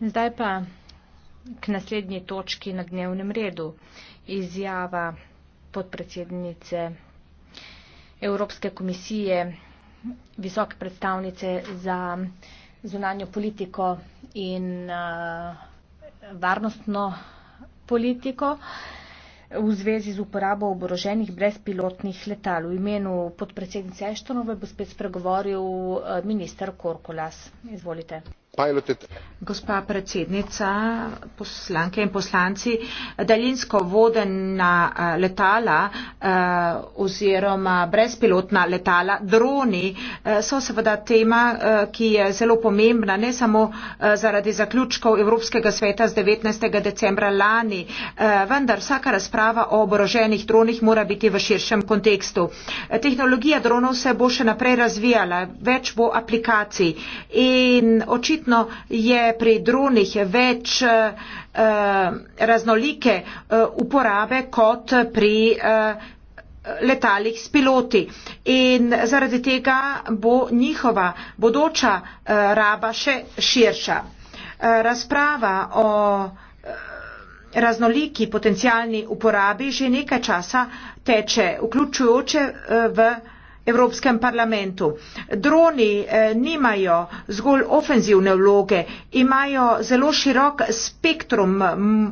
Zdaj pa k naslednji točki na dnevnem redu. Izjava podpredsednice Evropske komisije, visoke predstavnice za zunanjo politiko in uh, varnostno politiko v zvezi z uporabo oboroženih brezpilotnih letal. V imenu podpredsednice Eštonove bo spet spregovoril eh, minister Korkolas. Izvolite. Gospa predsednica, poslanke in poslanci, daljinsko vodena eh, letala eh, oziroma brezpilotna letala, droni eh, so seveda tema, ki je zelo pomembna ne samo zaradi zaključkov Evropskega sveta z 19. decembra lani, vendar vsaka razprava o oboroženih dronih mora biti v širšem kontekstu. Tehnologija dronov se bo še naprej razvijala, več bo aplikacij in očitno Verjetno je pri dronih več uh, raznolike uh, uporabe kot pri uh, letalih s piloti. In zaradi tega bo njihova bodoča uh, raba še širša. Uh, razprava o raznoliki potencijalni uporabi že nekaj časa teče, vključujoče uh, v Evropskem parlamentu. Droni eh, nimajo zgolj ofenzivne vloge, imajo zelo širok spektrum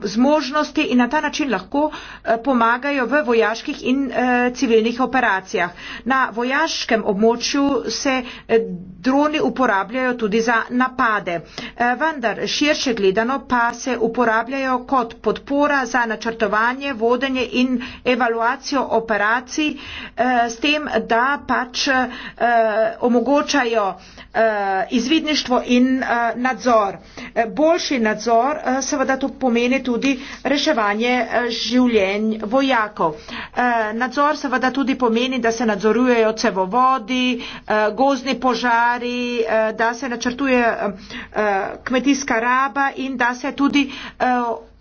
zmožnosti in na ta način lahko eh, pomagajo v vojaških in eh, civilnih operacijah. Na vojaškem območju se eh, droni uporabljajo tudi za napade, eh, vendar širše gledano pa se uporabljajo kot podpora za načrtovanje, vodenje in evaluacijo operacij eh, s tem, da pač eh, omogočajo eh, izvidništvo in eh, nadzor. Eh, boljši nadzor eh, seveda to pomeni tudi reševanje eh, življenj vojakov. Eh, nadzor seveda tudi pomeni, da se nadzorujejo cevovodi, eh, gozni požari, eh, da se načrtuje eh, eh, kmetijska raba in da se tudi eh,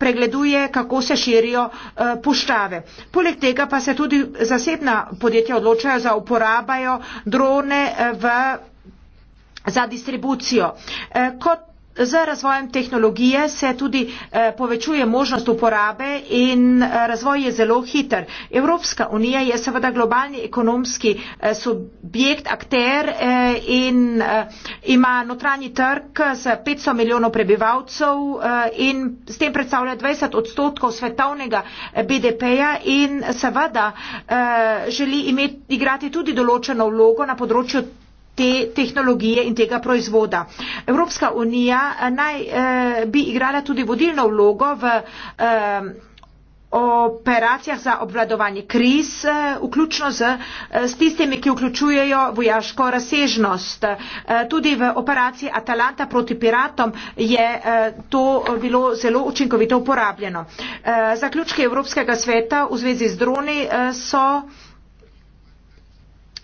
pregleduje, kako se širijo eh, puščave. Poleg tega pa se tudi zasebna podjetja odločajo za uporabajo drone eh, v, za distribucijo. Eh, kot Z razvojem tehnologije se tudi eh, povečuje možnost uporabe in eh, razvoj je zelo hiter. Evropska unija je seveda globalni ekonomski eh, subjekt, akter eh, in eh, ima notranji trg z 500 milijonov prebivalcev eh, in s tem predstavlja 20 odstotkov svetovnega eh, BDP-ja in seveda eh, želi imeti, igrati tudi določeno vlogo na področju te tehnologije in tega proizvoda. Evropska unija eh, naj eh, bi igrala tudi vodilno vlogo v eh, operacijah za obvladovanje kriz, eh, vključno z, eh, s tistimi, ki vključujejo vojaško razsežnost. Eh, tudi v operaciji Atalanta proti piratom je eh, to bilo zelo učinkovito uporabljeno. Eh, zaključki Evropskega sveta v zvezi z droni eh, so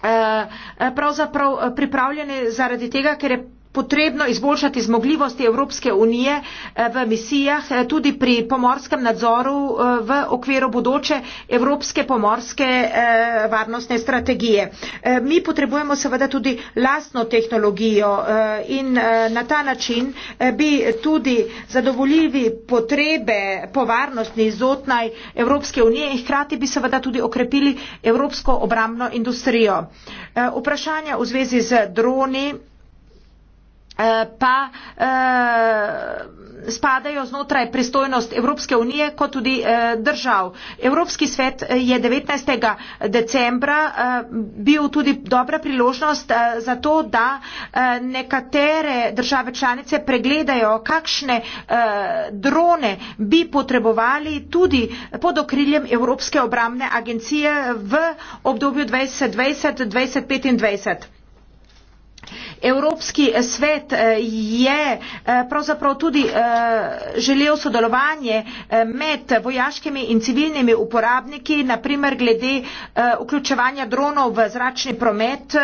Eh, pravzaprav eh, pripravljene zaradi tega, ker je potrebno izboljšati zmogljivosti Evropske unije eh, v misijah, eh, tudi pri pomorskem nadzoru eh, v okviru bodoče Evropske pomorske varnostne strategije. Mi potrebujemo seveda tudi lastno tehnologijo in na ta način bi tudi zadovoljivi potrebe po varnostni izotnaj Evropske unije in hkrati bi seveda tudi okrepili Evropsko obramno industrijo. Vprašanja v zvezi z droni Eh, pa eh, spadajo znotraj pristojnost Evropske unije kot tudi eh, držav. Evropski svet je 19. decembra bil tudi dobra priložnost za to, da nekatere države članice pregledajo, kakšne drone bi potrebovali tudi pod okriljem Evropske obramne agencije v obdobju 2020-2025. Evropski eh, svet eh, je eh, pravzaprav tudi želel sodelovanje med vojaškimi in civilnimi uporabniki, naprimer glede vključevanja dronov v zračni promet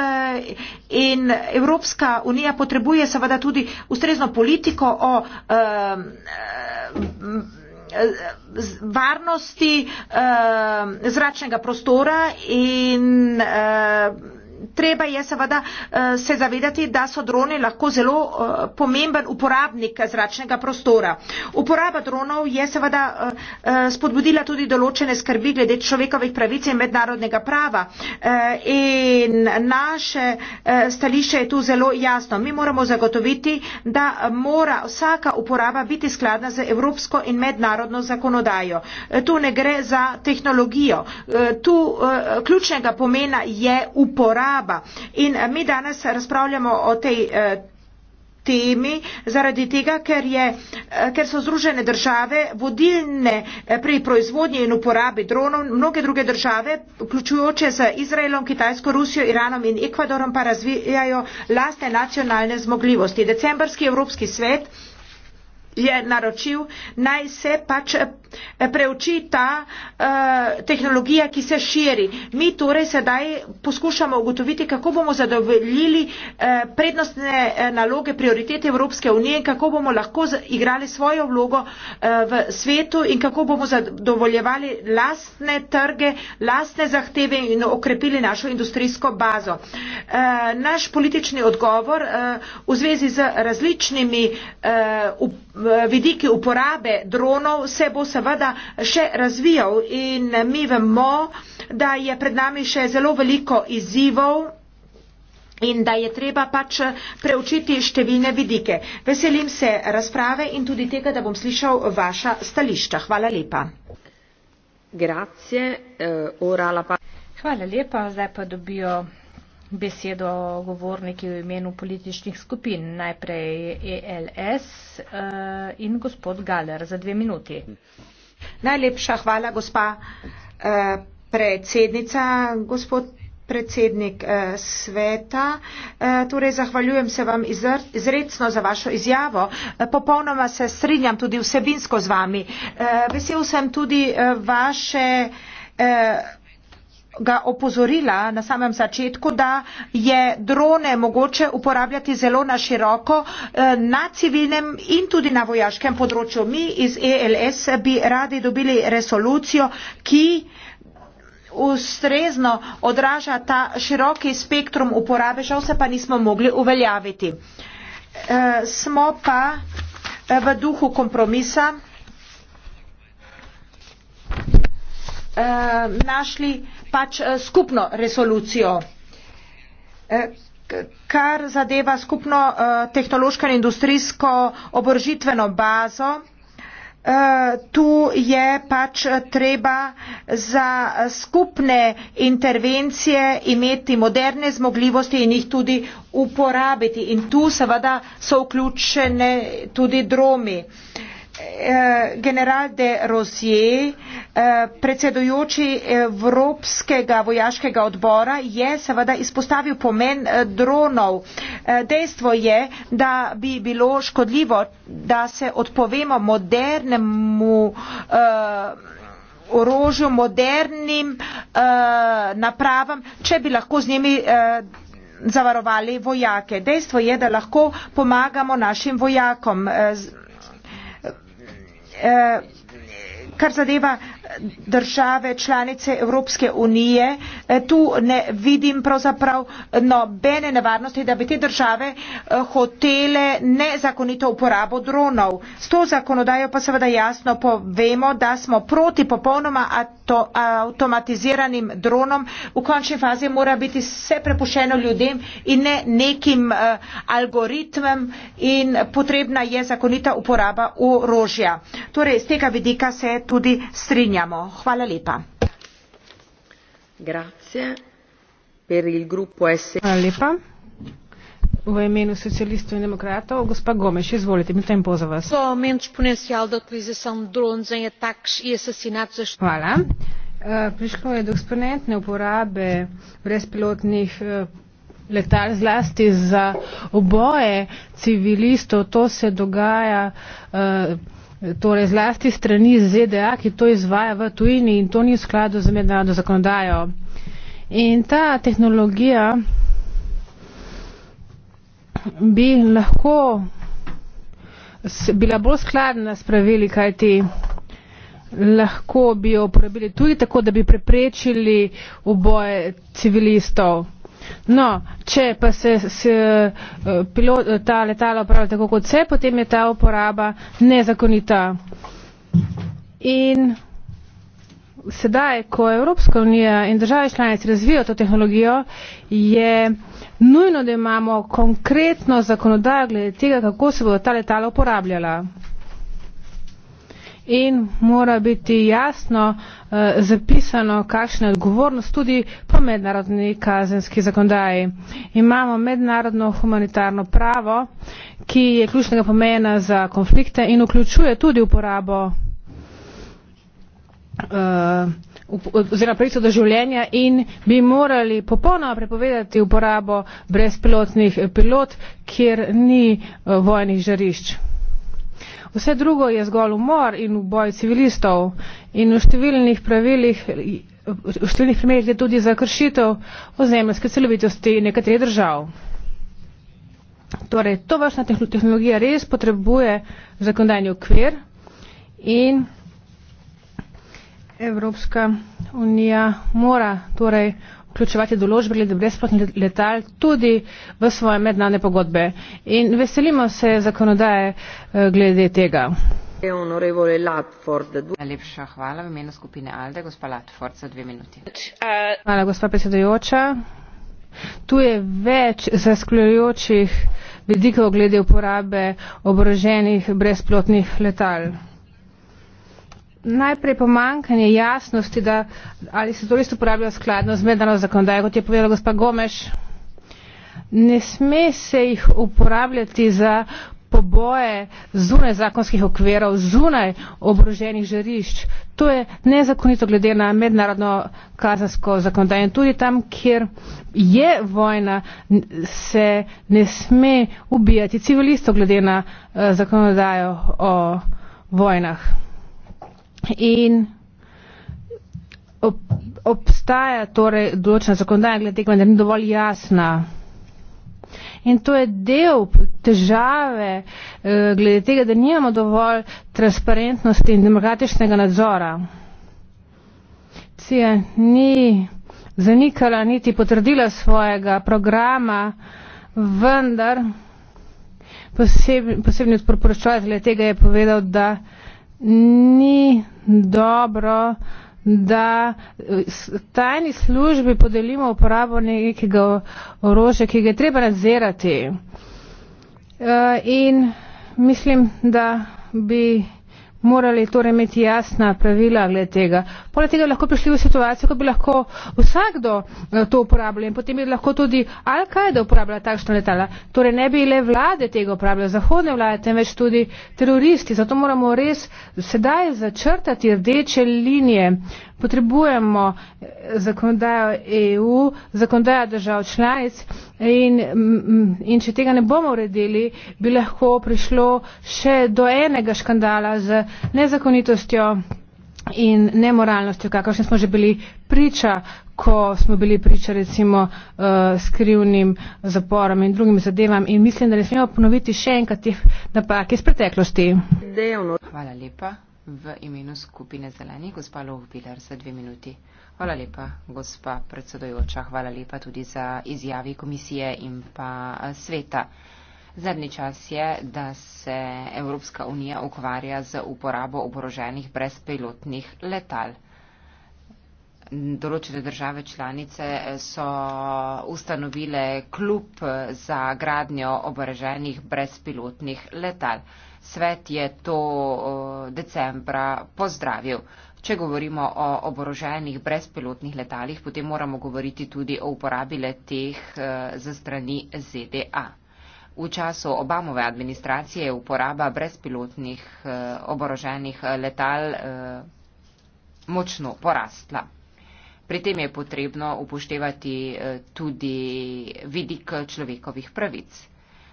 in Evropska unija potrebuje seveda tudi ustrezno politiko o varnosti zračnega prostora in treba je seveda eh, se zavedati, da so droni lahko zelo eh, pomemben uporabnik zračnega prostora. Uporaba dronov je seveda eh, spodbudila tudi določene skrbi glede človekovih pravic in mednarodnega prava. In naše stališče je tu zelo jasno. Mi moramo zagotoviti, da mora vsaka uporaba biti skladna z evropsko in mednarodno zakonodajo. Tu ne gre za tehnologijo. Tu ključnega pomena je uporaba slaba. In eh, mi danes razpravljamo o tej eh, temi zaradi tega, ker, je, eh, ker so združene države vodilne pri proizvodnji in uporabi dronov, mnoge druge države, vključujoče z Izraelom, Kitajsko, Rusijo, Iranom in Ekvadorom, pa razvijajo lastne nacionalne zmogljivosti. Decembrski Evropski svet je naročil, naj se pač preuči ta eh, tehnologija, ki se širi. Mi torej sedaj poskušamo ugotoviti, kako bomo zadovoljili eh, prednostne eh, naloge, prioritete Evropske unije, kako bomo lahko igrali svojo vlogo eh, v svetu in kako bomo zadovoljevali lastne trge, lastne zahteve in okrepili našo industrijsko bazo. Eh, naš politični odgovor eh, v zvezi z različnimi eh, up, eh, vidiki uporabe dronov se bo samo seveda še razvijal in mi vemo, da je pred nami še zelo veliko izzivov in da je treba pač preučiti številne vidike. Veselim se razprave in tudi tega, da bom slišal vaša stališča. Hvala lepa. Grazie, eh, Hvala lepa. Zdaj pa dobijo besedo govorniki v imenu političnih skupin. Najprej ELS eh, in gospod Galer za dve minuti. Najlepša hvala, gospa eh, predsednica, gospod predsednik eh, sveta. Eh, torej, zahvaljujem se vam izredno za vašo izjavo. Popolnoma se strinjam tudi vsebinsko z vami. Vesel sem tudi vaše ga opozorila na samem začetku, da je drone mogoče uporabljati zelo na široko eh, na civilnem in tudi na vojaškem področju. Mi iz ELS bi radi dobili resolucijo, ki ustrezno odraža ta široki spektrum uporabe, žal se pa nismo mogli uveljaviti. E, smo pa eh, v duhu kompromisa e, našli pač eh, skupno resolucijo. Eh, kar zadeva skupno eh, tehnološko in industrijsko oborožitveno bazo, tu je pač treba za skupne intervencije imeti moderne zmogljivosti in jih tudi uporabiti. In tu seveda so vključene tudi dromi. Uh, Eh, general de Rosier, eh, predsedujoči Evropskega vojaškega odbora, je seveda izpostavil pomen eh, dronov. Dejstvo je, da bi bilo škodljivo, da se odpovemo modernemu orožju, modernim napravam, če bi lahko z njimi zavarovali vojake. Dejstvo je, da lahko pomagamo našim vojakom Eh, kar zadeva države članice Evropske unije. Eh, tu ne vidim pravzaprav eh, nobene nevarnosti, da bi te države eh, hotele nezakonito uporabo dronov. S to zakonodajo pa seveda jasno povemo, da smo proti popolnoma ato, automatiziranim dronom. V končni fazi mora biti vse prepušeno ljudem in ne nekim uh, algoritmem in potrebna je zakonita uporaba orožja. Torej, z tega vidika se tudi strinja strinjamo. Hvala lepa. Hvala lepa. V imenu socialistov in demokratov, gospa Gomeš, izvolite, mi tam poza vas. E Hvala. Eh, prišlo je do eksponentne uporabe brezpilotnih eh, letal zlasti za oboje civilistov. To se dogaja. Uh, torej zlasti strani ZDA, ki to izvaja v tujini in to ni v skladu z mednarodno zakonodajo. In ta tehnologija bi lahko bila bolj skladna s pravili, kaj ti lahko bi jo uporabili tudi tako, da bi preprečili uboje civilistov. No, če pa se, se eh, pilot, eh, ta letala upravlja tako kot se, potem je ta uporaba nezakonita. In sedaj, ko Evropska unija in države članice razvijajo to tehnologijo, je nujno, da imamo konkretno zakonodajo glede tega, kako se bo ta letala uporabljala in mora biti jasno eh, zapisano, kakšna je odgovornost tudi po mednarodni kazenski zakonodaji. Imamo mednarodno humanitarno pravo, ki je ključnega pomena za konflikte in vključuje tudi uporabo eh, oziroma pravico do življenja in bi morali popolnoma prepovedati uporabo brezpilotnih pilot, kjer ni eh, vojnih žarišč. Vse drugo je zgolj umor in uboj civilistov in v številnih pravilih, v številnih primerjih je tudi za kršitev ozemljske celovitosti nekaterih držav. Torej, to vašna tehnologija res potrebuje zakonodajni okvir in Evropska unija mora torej vključevati določbe glede brezplatnih letal tudi v svoje mednane pogodbe. In veselimo se zakonodaje eh, glede tega. Najlepša hvala v imenu skupine Alde, gospa Latford, za dve minuti. Hvala, gospa predsedujoča. Tu je več zaskljujočih vidikov glede uporabe oboroženih brezplotnih letal najprej pomankanje jasnosti, da ali se to res uporablja skladno z mednarodno zakonodajo, kot je povedala gospa Gomeš. Ne sme se jih uporabljati za poboje zunaj zakonskih okverov, zunaj obroženih žarišč. To je nezakonito glede na mednarodno kazansko zakonodajo. Tudi tam, kjer je vojna, se ne sme ubijati civilistov glede na uh, zakonodajo o vojnah. In ob, obstaja torej določena zakonodaja glede tega, vendar ni dovolj jasna. In to je del težave eh, glede tega, da nimamo dovolj transparentnosti in demokratičnega nadzora. CIA ni zanikala niti potrdila svojega programa, vendar posebni odpor poročevalec glede tega je povedal, da ni dobro, da eh, tajni službi podelimo uporabo nekega orožja, ki ga je treba nadzirati. Eh, in mislim, da bi morali torej imeti jasna pravila glede tega. Poleg tega lahko prišli v situacijo, ko bi lahko vsakdo eh, to uporabljal in potem bi lahko tudi Al-Kaida uporabljala takšna letala. Torej ne bi le vlade tega uporabljale, zahodne vlade, temveč tudi teroristi. Zato moramo res sedaj začrtati rdeče linije. Potrebujemo eh, zakonodajo EU, zakonodajo držav članic In, mm, mm, in če tega ne bomo uredili, bi lahko prišlo še do enega škandala z nezakonitostjo in nemoralnostjo, kakršne smo že bili priča, ko smo bili priča recimo uh, skrivnim zaporom in drugim zadevam. In mislim, da ne smemo ponoviti še enkrat teh napak iz preteklosti. Hvala lepa. V imenu skupine zelenih, gospa Lovvilar, za dve minuti. Hvala lepa, gospa predsedojoča. Hvala lepa tudi za izjavi komisije in pa sveta. Zadnji čas je, da se Evropska unija ukvarja z uporabo oboroženih brezpilotnih letal. Določene države članice e, so ustanovile klub e, za gradnjo oboroženih brezpilotnih letal. Svet je to e, decembra pozdravil. Če govorimo o oboroženih brezpilotnih letalih, potem moramo govoriti tudi o uporabi teh eh, za strani ZDA. V času Obamove administracije je uporaba brezpilotnih eh, oboroženih eh, letal močno porastla. Pri tem je potrebno upoštevati tudi vidik človekovih pravic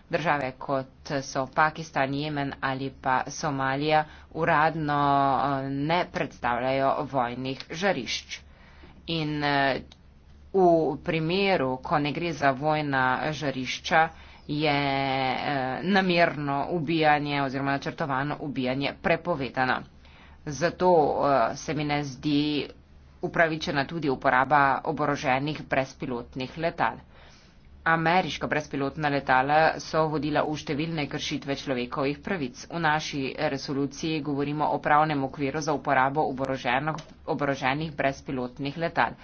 države kot so Pakistan, Jemen ali pa Somalija uradno eh, ne predstavljajo vojnih žarišč. In eh, v primeru, ko ne gre za vojna žarišča, je eh, namerno ubijanje oziroma načrtovano ubijanje prepovedano. Zato se mi ne zdi upravičena tudi uporaba oboroženih brezpilotnih letal. Ameriška brezpilotna letala so vodila v številne kršitve človekovih pravic. V naši resoluciji govorimo o pravnem okviru za uporabo oboroženih brezpilotnih letal.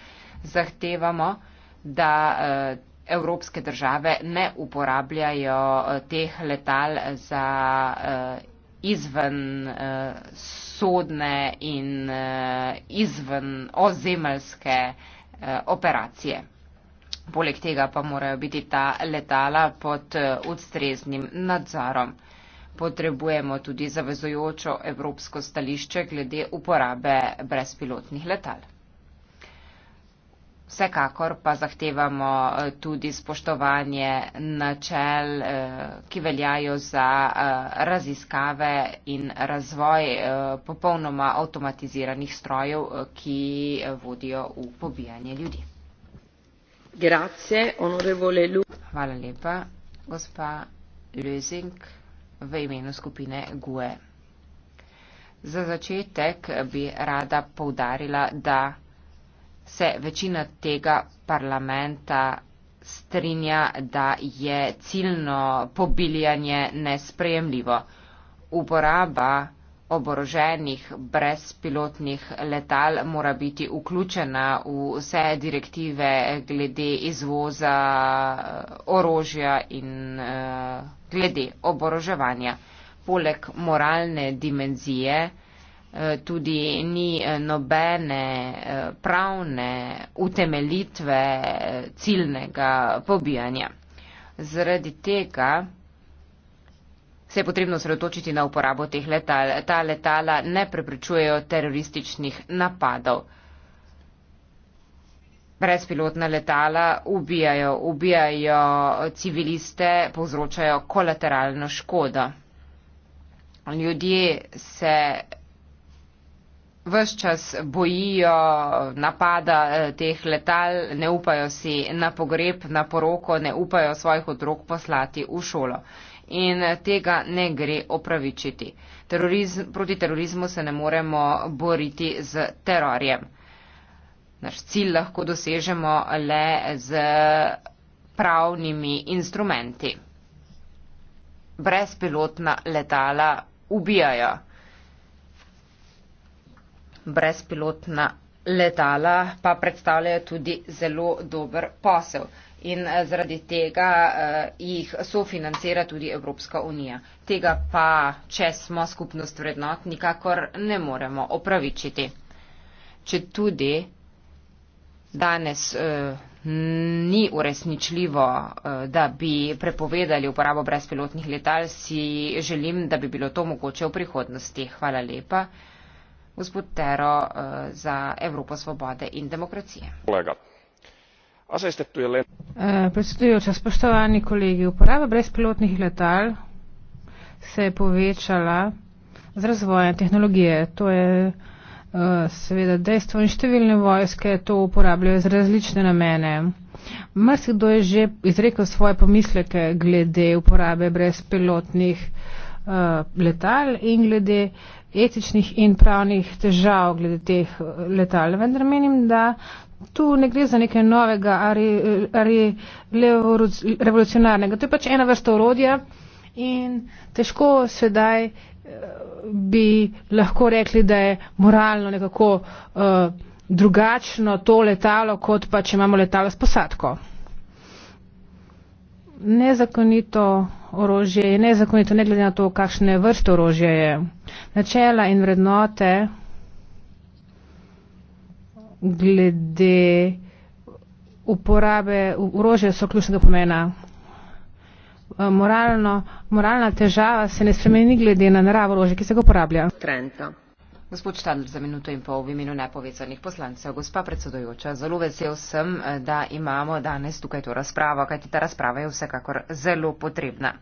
Zahtevamo, da eh, evropske države ne uporabljajo eh, teh letal za eh, izven sodne in izven ozemelske operacije. Poleg tega pa morajo biti ta letala pod eh, ustreznim nadzorom. Potrebujemo tudi zavezojočo evropsko stališče glede uporabe brezpilotnih letal. Vsekakor pa zahtevamo eh, tudi spoštovanje načel, eh, ki veljajo za raziskave in razvoj popolnoma avtomatiziranih strojev, ki vodijo v pobijanje ljudi. Hvala lepa. Gospa Lezing v imenu skupine GUE. Za začetek bi rada poudarila, da se večina tega parlamenta strinja, da je ciljno pobiljanje nesprejemljivo. Uporaba oboroženih brezpilotnih letal mora biti vključena v vse direktive glede izvoza eh, orožja in eh, glede oboroževanja. Poleg moralne dimenzije eh, tudi ni nobene pravne utemelitve ciljnega pobijanja. Zaradi tega Se je potrebno sredotočiti na uporabo teh letal. Ta letala ne preprečujejo terorističnih napadov. Brezpilotna letala ubijajo, ubijajo civiliste, povzročajo kolateralno škodo. Ljudje se vse čas bojijo napada eh, teh letal, ne upajo si na pogreb, na poroko, ne upajo svojih otrok poslati v šolo. In eh, tega ne gre opravičiti. Terorizm, proti terorizmu se ne moremo boriti z terorjem. Naš cilj lahko dosežemo le z pravnimi instrumenti. Brezpilotna letala ubijajo brezpilotna letala pa predstavljajo tudi zelo dober posel in eh, zaradi tega eh, jih sofinancira tudi Evropska unija. Tega pa, če smo skupnost vrednot, nikakor ne moremo opravičiti. Če tudi danes eh, ni uresničljivo, da bi prepovedali uporabo brezpilotnih letal, si želim, da bi bilo to mogoče v prihodnosti. Hvala lepa gospod Tero eh, za Evropo svobode in demokracije. Kolega. Eh, predsedujoča, spoštovani kolegi, uporaba brezpilotnih letal se je povečala z razvojem tehnologije. To je eh, seveda dejstvo in številne vojske to uporabljajo za različne namene. Mrzik, kdo je že izrekel svoje pomisleke glede uporabe brezpilotnih uh, Eh, letal in glede etičnih in pravnih težav glede teh eh, letal. Vendar menim, da tu ne gre za nekaj novega ali, ali revolucionarnega. To je pač ena vrsta orodja in težko sedaj eh, bi lahko rekli, da je moralno nekako uh, drugačno to letalo, kot pa če imamo letalo s posadko nezakonito orožje je nezakonito, ne glede na to, kakšne vrste orožje je. Načela in vrednote glede uporabe orožja so ključnega pomena. Eh, moralno, moralna težava se ne spremeni glede na naravo orožja, ki se ga uporablja. Trenta. Gospod Štadl, za minuto in pol v imenu nepovezanih poslancev. Gospa predsedojoča, zelo vesel sem, eh, da imamo danes tukaj to razpravo, kajti ta razprava je vsekakor zelo potrebna.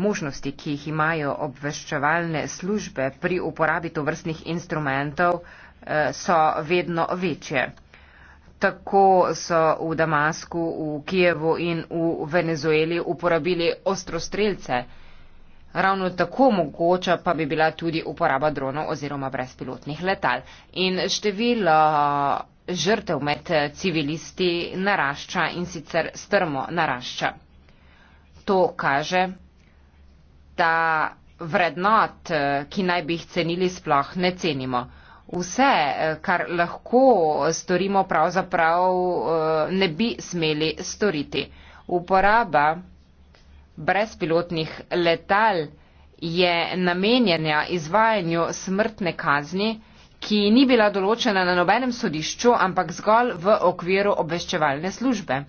Možnosti, ki jih imajo obveščevalne službe pri uporabi tovrstnih instrumentov, eh, so vedno večje. Tako so v Damasku, v Kijevu in v Venezueli uporabili ostrostrelce. Ravno tako mogoča pa bi bila tudi uporaba dronov oziroma brezpilotnih letal. In število eh, žrtev med eh, civilisti narašča in sicer strmo narašča. To kaže, da vrednot, eh, ki naj bi jih cenili, sploh ne cenimo. Vse, kar lahko storimo, pravzaprav ne bi smeli storiti. Uporaba brezpilotnih letal je namenjena izvajanju smrtne kazni, ki ni bila določena na nobenem sodišču, ampak zgolj v okviru obveščevalne službe.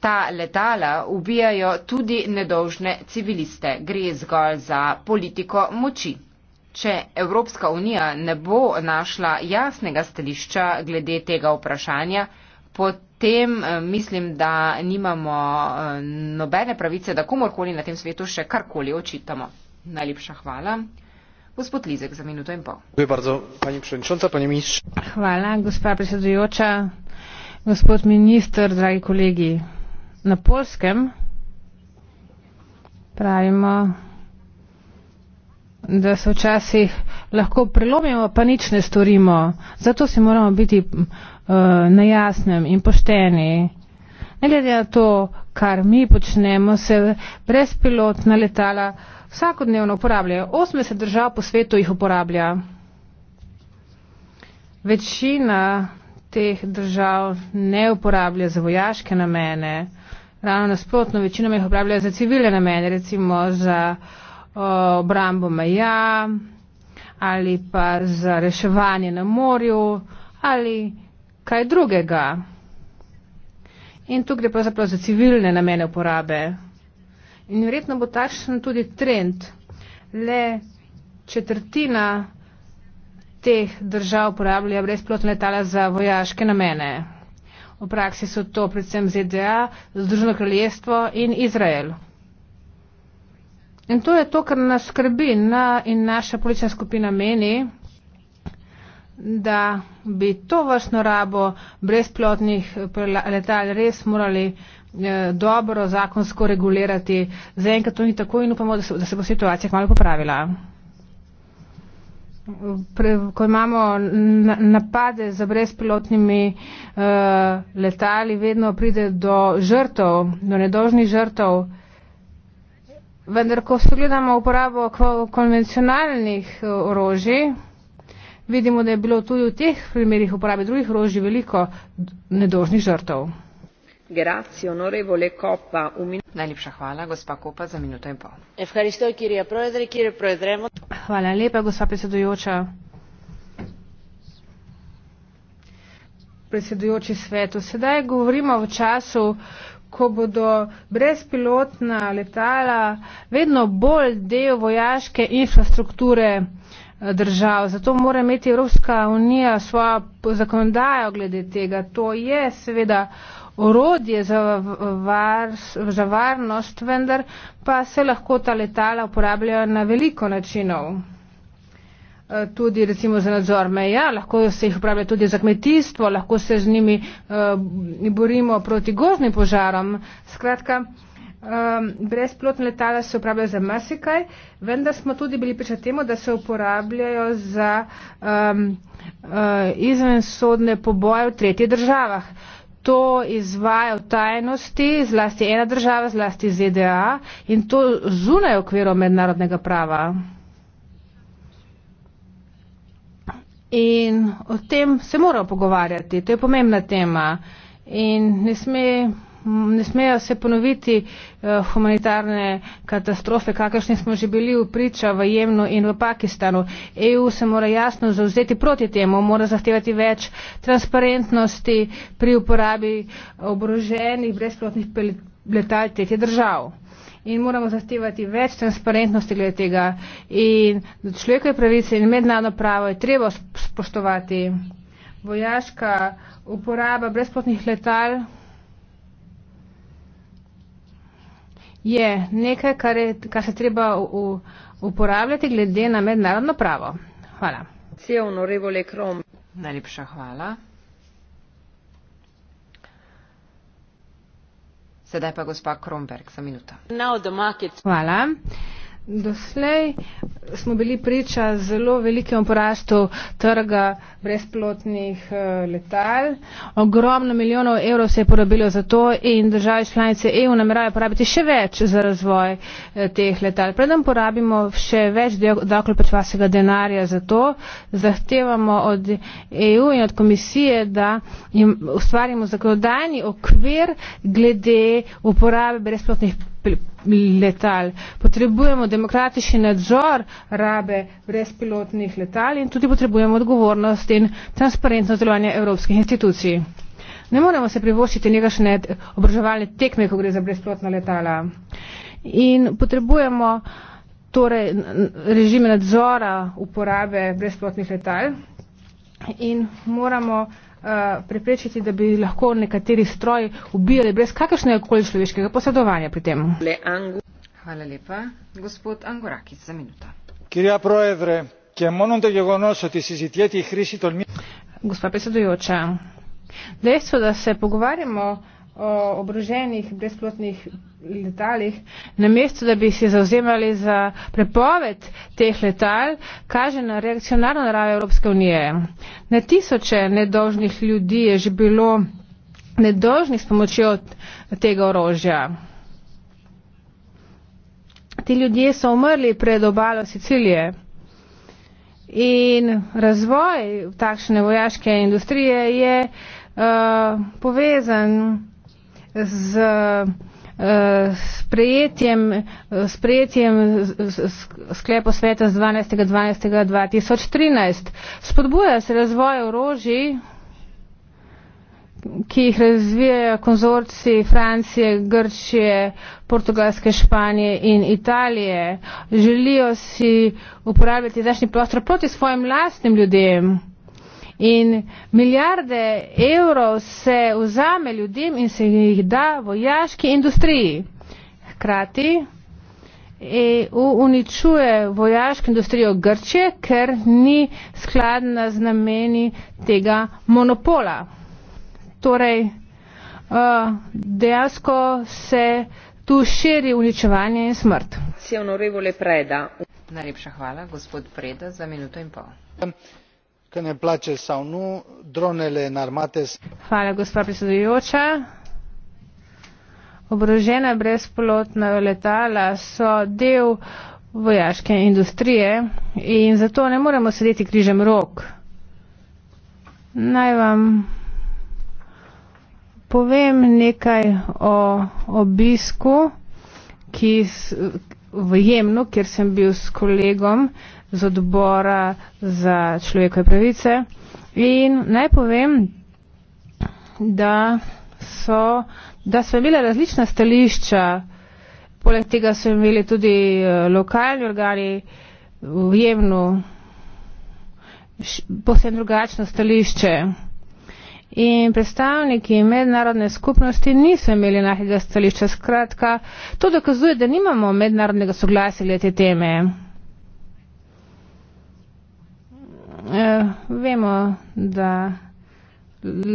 Ta letala ubijajo tudi nedolžne civiliste. Gre zgolj za politiko moči. Če Evropska unija ne bo našla jasnega stališča glede tega vprašanja, pot, tem eh, mislim, da nimamo eh, nobene pravice, da komorkoli na tem svetu še karkoli očitamo. Najlepša hvala. Gospod Lizek, za minuto in pol. Bardzo, pani pani hvala, gospa predsedujoča, gospod minister, dragi kolegi. Na polskem pravimo da se včasih lahko prelomimo, pa nič ne storimo. Zato si moramo biti uh, na jasnem in pošteni. Ne glede na to, kar mi počnemo, se brezpilotna letala vsakodnevno uporabljajo. 80 držav po svetu jih uporablja. Večina teh držav ne uporablja za vojaške namene. Ravno nasprotno, večina jih uporablja za civile namene, recimo za uh, obrambo meja ali pa za reševanje na morju ali kaj drugega. In tu gre pravzaprav za civilne namene uporabe. In verjetno bo takšen tudi trend. Le četrtina teh držav uporablja brezplotne letala za vojaške namene. V praksi so to predvsem ZDA, Združeno kraljestvo in Izrael. In to je to, kar nas skrbi na, in naša politična skupina meni, da bi to vrstno rabo brezplotnih letal res morali eh, dobro zakonsko regulirati. Zaenkrat to ni tako in upamo, da se, da se bo situacija kmalo popravila. Pre, ko imamo napade za brezpilotnimi uh, letali, vedno pride do žrtov, do nedožnih žrtov. Uh, Vendar, ko se gledamo uporabo konvencionalnih eh, orožij, vidimo, da je bilo tudi v teh primerih uporabe drugih orožij veliko nedožnih žrtev. Grazie, onorevole Coppa. Min- Najlepša hvala, gospa Coppa, za minuto in pol. Hvala lepa, gospa predsedujoča. Predsedujoči svetu. Sedaj govorimo v času, ko bodo brezpilotna letala vedno bolj del vojaške infrastrukture eh, držav. Zato mora imeti Evropska unija svojo zakonodajo glede tega. To je seveda orodje za, var, za varnost, vendar pa se lahko ta letala uporabljajo na veliko načinov. Eh, tudi recimo za nadzor meja, lahko se jih uporablja tudi za kmetijstvo, lahko se z njimi uh, borimo proti gozdnim požarom. Skratka, um, eh, brezplotne letala se uporabljajo za marsikaj, vendar smo tudi bili priča temu, da se uporabljajo za um, uh, izvensodne poboje v tretjih državah. To izvaja v tajnosti zlasti ena država, zlasti ZDA in to zunaj okvirov mednarodnega prava. In o tem se moramo pogovarjati, to je pomembna tema. In ne, sme, ne smejo se ponoviti uh, humanitarne katastrofe, kakršne smo že bili v priča v Jemnu in v Pakistanu. EU se mora jasno zauzeti proti temu, mora zahtevati več transparentnosti pri uporabi oboroženih brezplotnih letal teh držav in moramo zahtevati več transparentnosti glede tega. In človekove pravice in mednarodno pravo je treba spoštovati. Vojaška uporaba brezpotnih letal je nekaj, kar, je, kar se treba u, u, uporabljati glede na mednarodno pravo. Hvala. Najlepša hvala. hvala. Doslej smo bili priča zelo velikemu porastu trga brezplotnih eh, letal. Ogromno milijonov evrov se je porabilo za to in države članice EU nameravajo porabiti še več za razvoj eh, teh letal. Predem porabimo še več davkoplačevalskega denarja za to, zahtevamo od EU in od komisije, da ustvarimo zakonodajni okvir glede uporabe brezplotnih letal. Potrebujemo demokratični nadzor rabe brezpilotnih letal in tudi potrebujemo odgovornost in transparentno delovanje evropskih institucij. Ne moremo se privoščiti nekašne obroževalne tekme, ko gre za brezpilotna letala. In potrebujemo torej režime nadzora uporabe brezpilotnih letal in moramo Eh, preprečiti, da bi lahko nekateri stroji ubijali brez kakršnega koli človeškega posedovanja pri tem. Hvala lepa. Gospod Angorakis za minuto. Gospa predsedujoča, dejstvo, da se pogovarjamo oboroženih brezplotnih letalih, namesto da bi se zauzemali za prepoved teh letal, kaže na reakcionarno naravo Evropske unije. Na tisoče nedožnih ljudi je že bilo nedožnih s pomočjo tega orožja. Ti ljudje so umrli pred obalo Sicilije. In razvoj takšne vojaške industrije je uh, povezan z eh, sprejetjem, sprejetjem sklepo sveta z 12.12.2013. Spodbuja se razvoj orožij, ki jih razvijajo konzorci Francije, Grčije, Portugalske, Španije in Italije. Želijo si uporabljati zaščitni prostor proti svojim lastnim ljudem. In milijarde evrov se vzame ljudem in se jih da vojaški industriji. Hkrati EU uničuje vojaško industrijo Grče, ker ni skladna z nameni tega monopola. Torej, eh, dejansko se tu širi uničevanje in smrt. Najlepša hvala, gospod Preda, za minuto in pol că ne place sau nu dronele înarmate Oborožena brezpilotna letala so del vojaške industrije in zato ne moremo sedeti križem rok. Naj vam povem nekaj o obisku ki, v Jemnu, kjer sem bil s kolegom z odbora za človekove pravice. In naj povem, da so, da so imeli različna stališča, poleg tega so imeli tudi eh, lokalni organi v Jemnu posebno drugačno stališče. In predstavniki mednarodne skupnosti niso imeli enakega stališča. Skratka, to dokazuje, da nimamo mednarodnega soglasja glede te teme. eh, vemo, da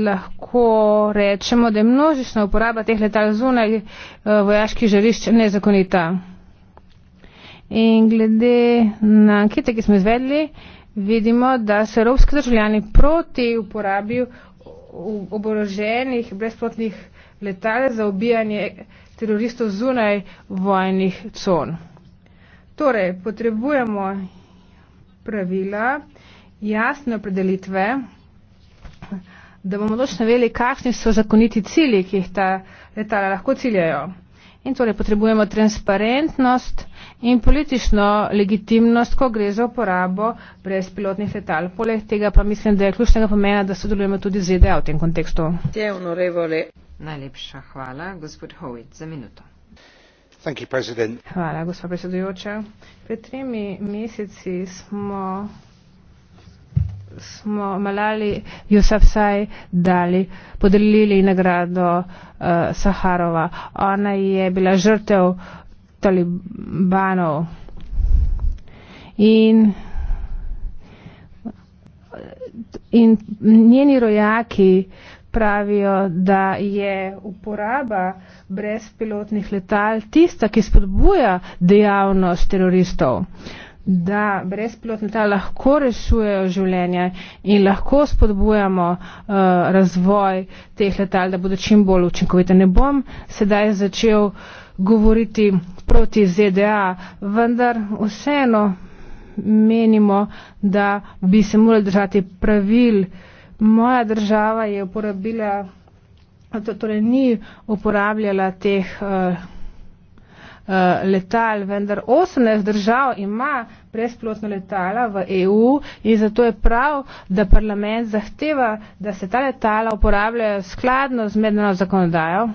lahko rečemo, da je množična uporaba teh letal zunaj eh, vojaških žarišč nezakonita. In glede na ankete, ki smo izvedli, vidimo, da so evropski državljani proti uporabi oboroženih brezplotnih letal za ubijanje teroristov zunaj vojnih con. Torej, potrebujemo pravila, jasne opredelitve, da bomo točno vedeli, kakšni so zakoniti cilji, ki jih ta letala lahko ciljajo. In torej potrebujemo transparentnost in politično legitimnost, ko gre za uporabo brezpilotnih letal. Poleg tega pa mislim, da je ključnega pomena, da sodelujemo tudi z ZDA v tem kontekstu. Najlepša hvala, gospod Howitt, za minuto. Hvala, gospod predsedujoča. Pred tremi meseci smo smo Malali Jusafsaj dali, podelili nagrado uh, Saharova. Ona je bila žrtev talibanov. In, in njeni rojaki pravijo, da je uporaba brezpilotnih letal tista, ki spodbuja dejavnost teroristov. Uh, da brezpilotni leta lahko rešujejo življenje in lahko spodbujamo uh, razvoj teh letal, da bodo čim bolj učinkovite. Ne bom sedaj začel govoriti proti ZDA, vendar vseeno menimo, da bi se morali držati pravil. Moja država je uporabila, torej ni uporabljala teh. Uh, Eh, letal, vendar 18 držav ima brezplotno letala v EU in zato je prav, da parlament zahteva, da se ta letala uporabljajo skladno z mednarodno zakonodajo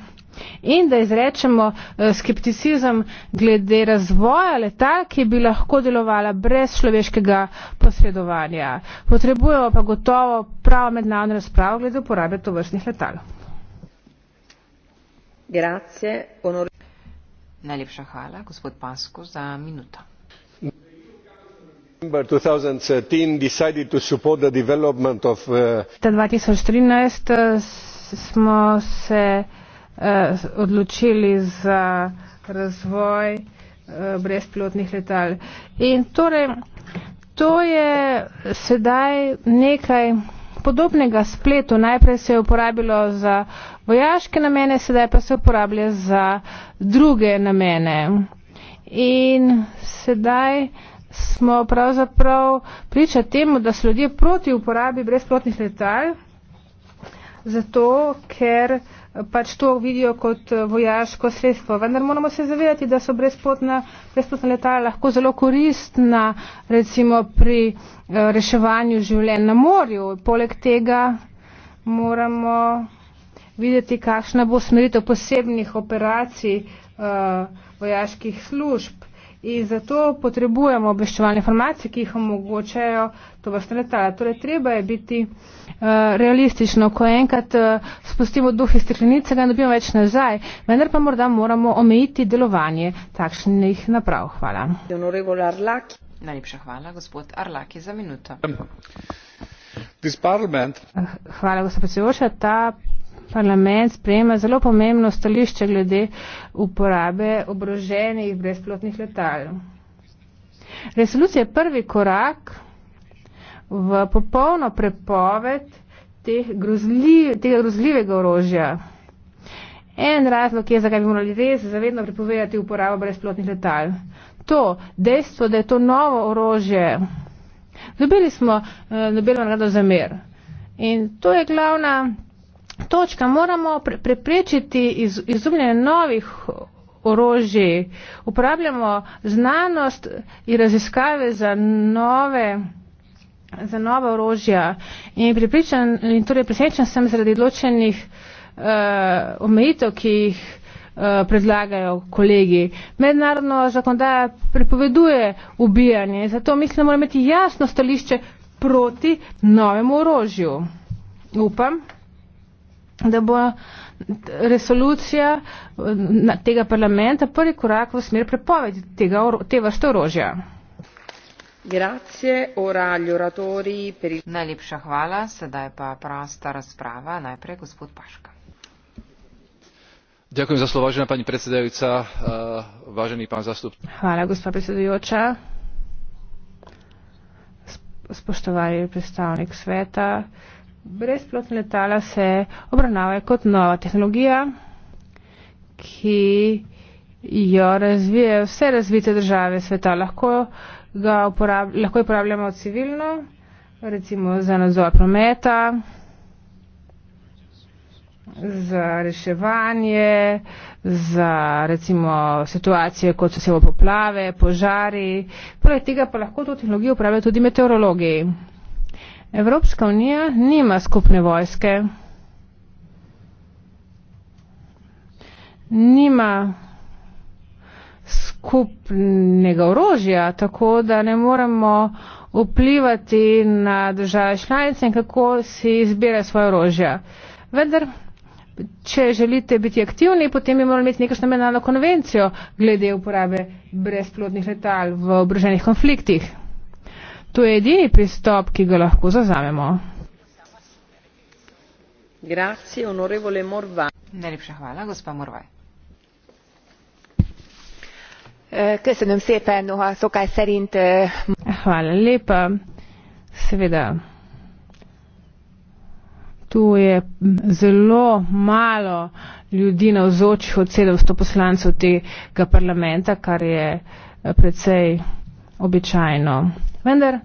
in da izrečemo eh, skepticizem glede razvoja letal, ki bi lahko delovala brez človeškega posredovanja. Potrebujemo pa gotovo pravo mednarodno razpravo glede uporabe tovrstnih letal. Grazie, onore. Najlepša hvala, gospod Pasko, za minuto. Uh, Ta 2013 uh, smo se uh, odločili za razvoj brezpilotnih letal. In torej, to je sedaj nekaj podobnega spletu. Najprej se je uporabilo za vojaške namene, sedaj pa se uporablja za druge namene. In sedaj smo pravzaprav priča temu, da so ljudje proti uporabi brezplotnih letal, zato ker pač to vidijo kot eh, vojaško sredstvo. Vendar moramo se zavedati, da so brezpotna letala lahko zelo koristna recimo pri eh, reševanju življenj na morju. Poleg tega moramo videti, kakšna bo smeritev posebnih operacij uh, vojaških služb. In zato potrebujemo obveščevalne informacije, ki jih omogočajo to vrstne letala. Torej, treba je biti uh, realistično, ko enkrat uh, spustimo duh iz steklenice, ga ne dobimo več nazaj, vendar pa morda moramo omejiti delovanje takšnih naprav. Hvala. Najlepša hvala, gospod Arlaki, za minuto. Eh, hvala, gospod predsedujoča parlament sprejema zelo pomembno stališče glede uporabe obroženih brezplotnih letal. Resolucija je prvi korak v popolno prepoved teh grozljiv, tega grozljivega orožja. En razlog je, zakaj bi morali res zavedno prepovedati uporabo brezplotnih letal. To dejstvo, da je to novo orožje. Dobili smo uh, Nobelovo nagrado za mir. In to je glavna točka. Moramo pre preprečiti iz izumljanje novih orožij. Uporabljamo znanost in raziskave za nove za nova orožja in pripričan in torej presenečen sem zaradi odločenih uh, omejitev, ki jih eh, predlagajo kolegi. Mednarodno zakonodaja prepoveduje ubijanje, zato mislim, da moramo imeti jasno stališče proti novemu orožju. Upam da bo resolucija eh, tega parlamenta prvi korak v smer prepovedi tega, te vrste orožja. Najlepša hvala, sedaj pa prosta razprava. Najprej gospod Paška. Ďakujem za slovo, vážená pani predsedajúca, uh, vážený pán zastup. Hvala, gospa predsedajúca. Spoštovaný predstavník sveta. Uh, brezplotna letala se obravnavajo kot nova tehnologija, ki jo razvijajo vse razvite države sveta. Lahko, uporab, lahko jo uporabljamo civilno, recimo za nadzor prometa, za reševanje, za recimo situacije, kot so se poplave, požari. Poleg tega pa lahko to tehnologijo uporabljajo tudi meteorologi. Evropska unija nima skupne vojske, nima skupnega orožja, tako da ne moremo vplivati na države članice in kako si izbira svoje orožja. Vendar, če želite biti aktivni, potem bi morali imeti nekakšno mednarodno konvencijo glede uporabe brezplodnih letal v obroženih konfliktih. To je edini pristop, ki ga lahko zazamemo. Najlepša hvala, gospa Morvaj. Eh, köszönöm szépen, noha szokás szerint. Eh, hvala lepa. Seveda, tu je zelo malo ljudi na vzočih od 700 poslancev tega parlamenta, kar je eh, precej običajno. Vendar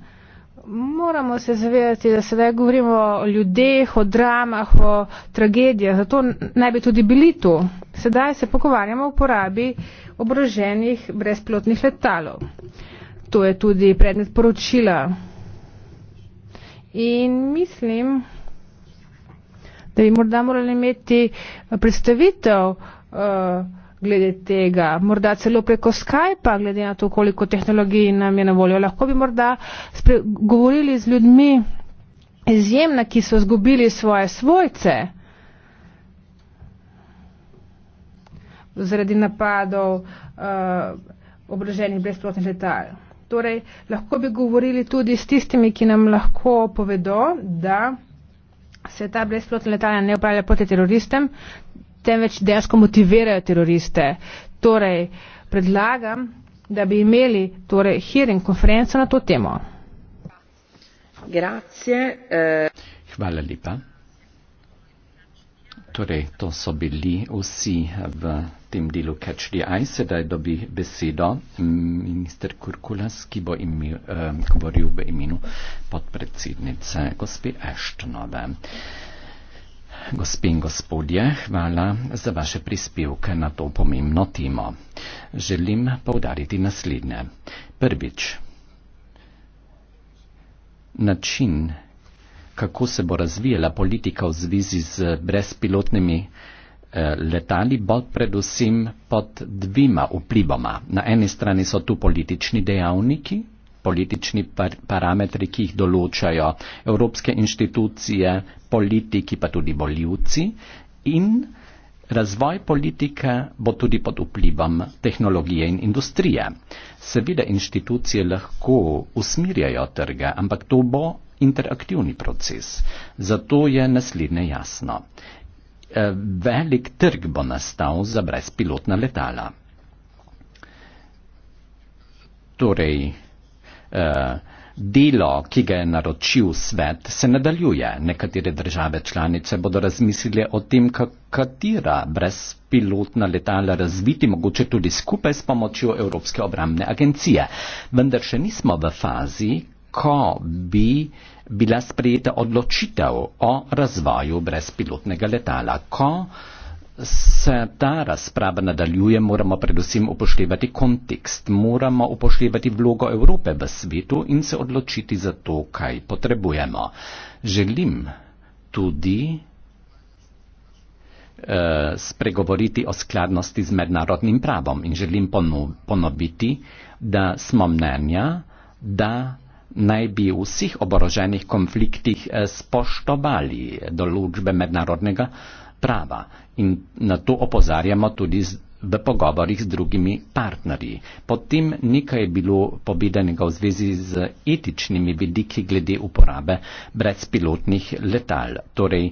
moramo se zavedati, da sedaj govorimo o ljudeh, o dramah, o tragedijah, zato naj bi tudi bili tu. Sedaj se pogovarjamo o uporabi oboroženih brezpilotnih letalov. To je tudi predmet poročila. In mislim, da bi morda morali imeti predstavitev uh, glede tega, morda celo preko Skypa, glede na to, koliko tehnologij nam je na voljo. Lahko bi morda govorili z ljudmi izjemna, ki so zgubili svoje svojce zaradi napadov uh, obroženih brezplotnih letal. Torej, lahko bi govorili tudi s tistimi, ki nam lahko povedo, da se ta brezplotna letala ne upravlja proti teroristem, temveč dejansko motivirajo teroriste. Torej, predlagam, da bi imeli torej, hearing konferenco na to temo. Grazie, eh. Hvala lepa. Torej, to so bili vsi v tem delu Catch the Eye. Sedaj dobi besedo minister Kurkulas, ki bo imel, eh, govoril v imenu podpredsednice gospe Eštonove. Eh, Gospe in gospodje, hvala za vaše prispevke na to pomembno temo. Želim povdariti naslednje. Prvič, način, kako se bo razvijala politika v zvezi z brezpilotnimi eh, letali, bo predvsem pod dvima vplivoma. Na eni strani so tu politični dejavniki, politični par parametri, ki jih določajo evropske inštitucije, politiki, pa tudi voljivci. In razvoj politike bo tudi pod vplivom tehnologije in industrije. Seveda inštitucije lahko usmirjajo trge, ampak to bo interaktivni proces. Zato je naslednje jasno. Eh, velik trg bo nastal za brezpilotna letala. Torej, Eh, delo, ki ga je naročil svet, se nadaljuje. Nekatere države članice bodo razmislile o tem, katera brezpilotna letala razviti, mogoče tudi skupaj s pomočjo Evropske obramne agencije. Vendar še nismo v fazi, ko bi bila sprejeta odločitev o razvoju brezpilotnega letala. Ko uh, se ta razprava nadaljuje, moramo predvsem upoštevati kontekst, moramo upoštevati vlogo Evrope v svetu in se odločiti za to, kaj potrebujemo. Želim tudi eh, spregovoriti o skladnosti z mednarodnim pravom in želim ponoviti, da smo mnenja, da naj bi v vseh oboroženih konfliktih eh, spoštovali določbe mednarodnega prava in na to opozarjamo tudi z, v pogovorih z drugimi partnerji. Potem nekaj je bilo pobedenega v zvezi z etičnimi vidiki glede uporabe brezpilotnih letal. Torej,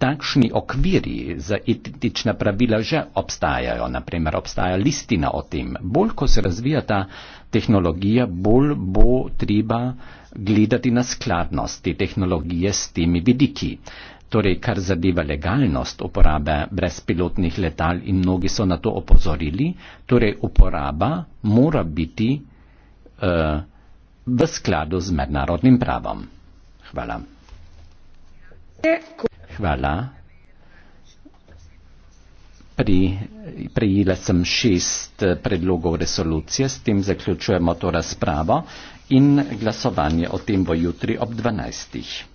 takšni okviri za etična pravila že obstajajo, naprimer obstaja listina o tem. Bolj ko se razvija ta tehnologija, bolj bo treba gledati na skladnost te tehnologije s temi vidiki. Uh, torej kar zadeva legalnost uporabe brezpilotnih letal in mnogi so na to opozorili, torej uporaba mora biti uh, v skladu z mednarodnim pravom. Hvala. Hvala. Pri, prijela sem šest eh, predlogov resolucije, s tem zaključujemo to razpravo in glasovanje o tem bo jutri ob dvanajstih.